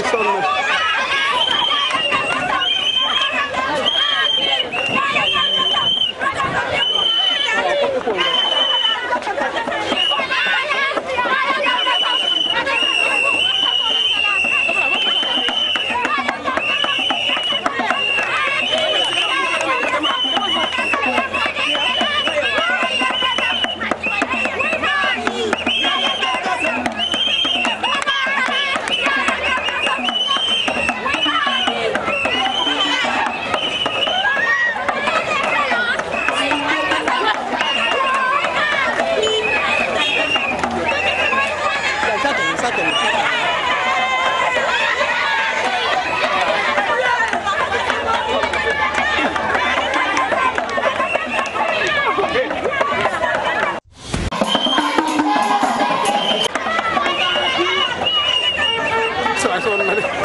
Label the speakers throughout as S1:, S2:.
S1: Pakistan sonn na de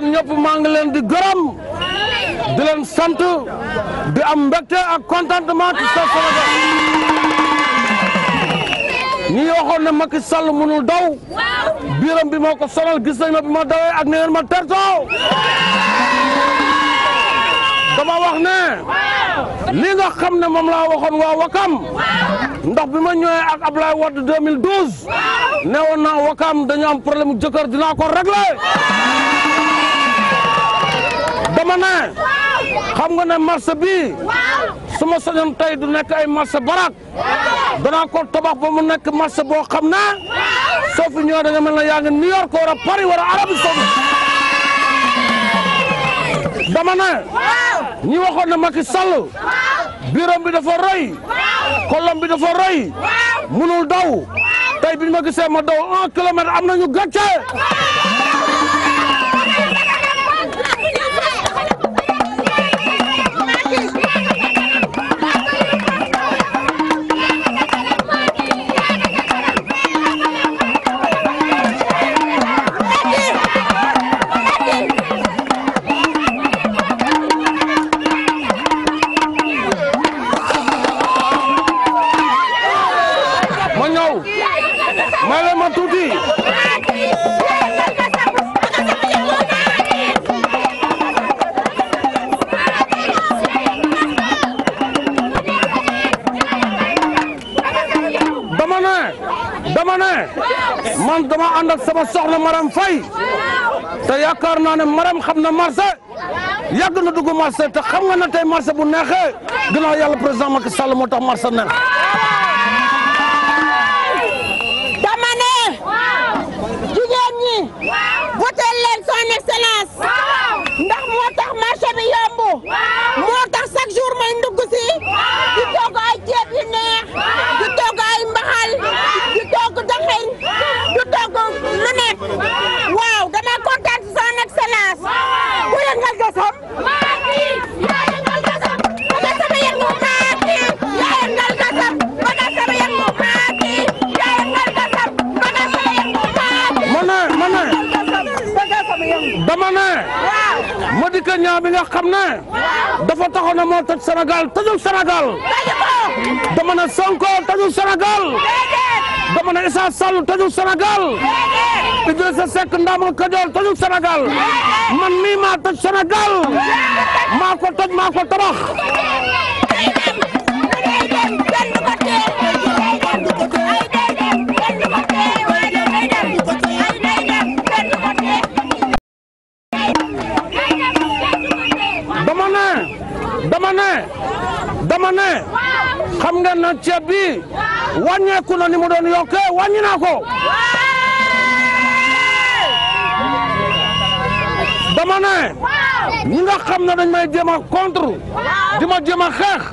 S1: yéen ñëpp maa ngi leen di gërëm di leen sant di am mbégte ak contentement ci sa Sénégal ñi waxoon ne Macky Sall mënul daw biiram bi moo ko sonal gis nañ ma bi ma dawee ak ne ngeen ma tertoo dama wax ne li nga xam ne moom laa waxoon waa Wakam ndax bi ma ñëwee ak Ablaye Wade 2012 ne woon naa Wakam dañu am problème jëkkër dinaa ko réglé dama ne xam nga ne marché bii su ma tey du nekk ay marché barak danaa ko tabax ba mu nekk marché boo xam ne soo fi ñëwee da nga mel ne yaa ngi New York wala Paris wala Arabie Saoudite dama ne ñi waxoon ne Macky Sall biiram bi dafa roy kolom bi dafa roy munul daw tey biñ ma gisee ma daw un kilomètre am nañu gàcce dama ne man dama ànd sama soxna Maram Faye te yaakaar naa ne Maram xam na marché yàgg na dugg marché te xam nga na tey marché bu neexee ginnaaw yàlla président Macky Sall moo tax marché neex. dama ne jigéen ñi voté leen son excellence ndax moo tax bi yomb. nga xam ne dafa taxa na moo toj Sénégal tojul Sénégal dama ne Sonko tojul Sénégal dama ne Issa Sall tojul Sénégal Idrissa Seck Ndamal Kajoor tojul Sénégal man mii maa toj Sénégal maa ko toj maa ko tabax dama ne dama ne xam ngeen na ceeb bi wàññeeku na ni mu doon yokkee wàññi naa ko ñi nga xam ne dañ may jéem a di ma jéem a xeex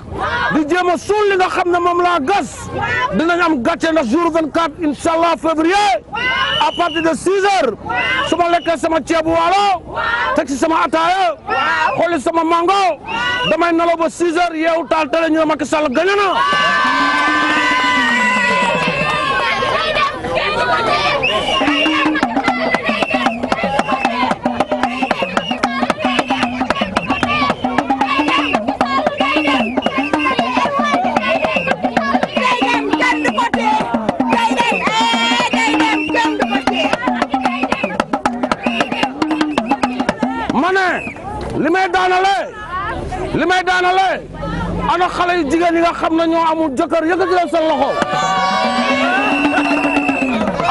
S1: di jéem a suul li nga xam ne moom laa gas dinañ am gàcce ndax jour 24 incha allah février à partir de 6 heures su ma lekkee sama ceebu waalo teg si sama ataaya xooli sama mango damay nalaw ba 6 heures yeewu taal télé ñu ne Macky Sall gañe li may daanalee ana xale yu jigéen yi nga xam nañoo ñoo amul jëkkër yëkkati leen seen loxo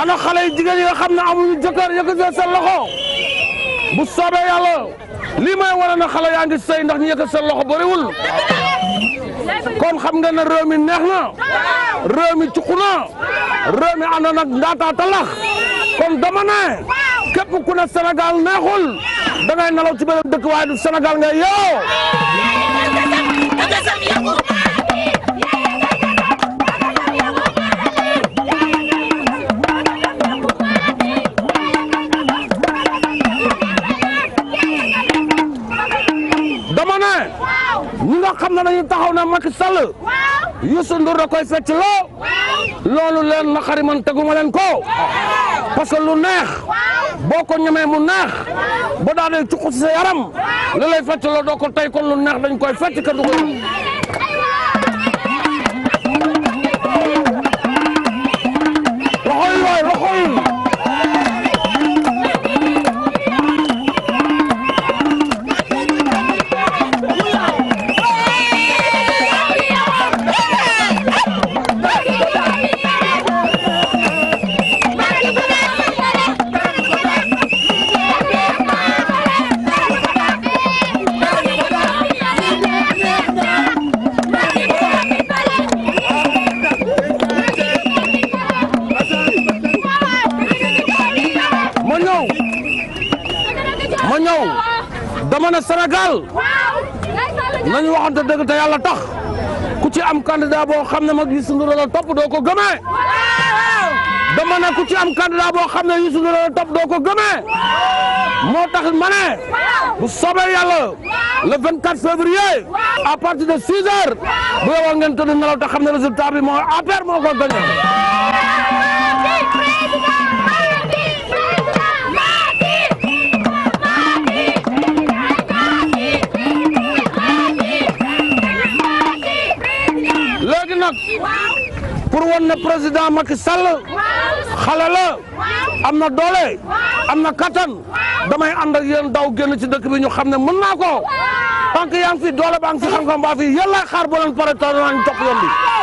S1: ana xale yu jigéen yi nga xam ne amuñu jëkkër yëkkati leen seen loxo bu soobee yàlla lii may na xale yaa ngi sëy ndax ñu yëkkati seen loxo xam nga ne mi neex na réew mi na réew mi ànd nag ndaataa talax kon dama ne képp ku ne Sénégal neexul da ngay nalaw ci beneen dëkk waaye du Sénégal ngay yeewoo. dama ne ñi nga xam ne dañuy taxaw ne Macky Sall Youssou Ndour da koy fecc loo loolu leen na xari man teguma leen ko parce que lu neex. boo ko ñemee mu naax ba daal di cuq sa yaram lu lay fett la doo ko tey kon lu naax dañ koy fett ka du ko na Sénégal nañu waxante dëgg te yàlla tax ku ci am candidat boo xam ne mag Youssou Ndour la topp doo ko gëmee dama ne ku ci am candidat boo xam ne Youssou Ndour la topp doo ko gëmee moo tax ma ne bu soobee yàlla le 24 février à partir de 6 heures bu yowoo ngeen tëdd nelaw te xam ne résultat bi moo affaire moo ko gagné pour won ne président Macky Sall xale la am na doole am na kattan damay ànd ak yéen daw génn ci dëkk bi ñu xam ne mën naa ko tant que yaa ngi fi doole ba ngi fi xam-xam baa fi yéen lay xaar ba leen pare toog nañ topp yoon bi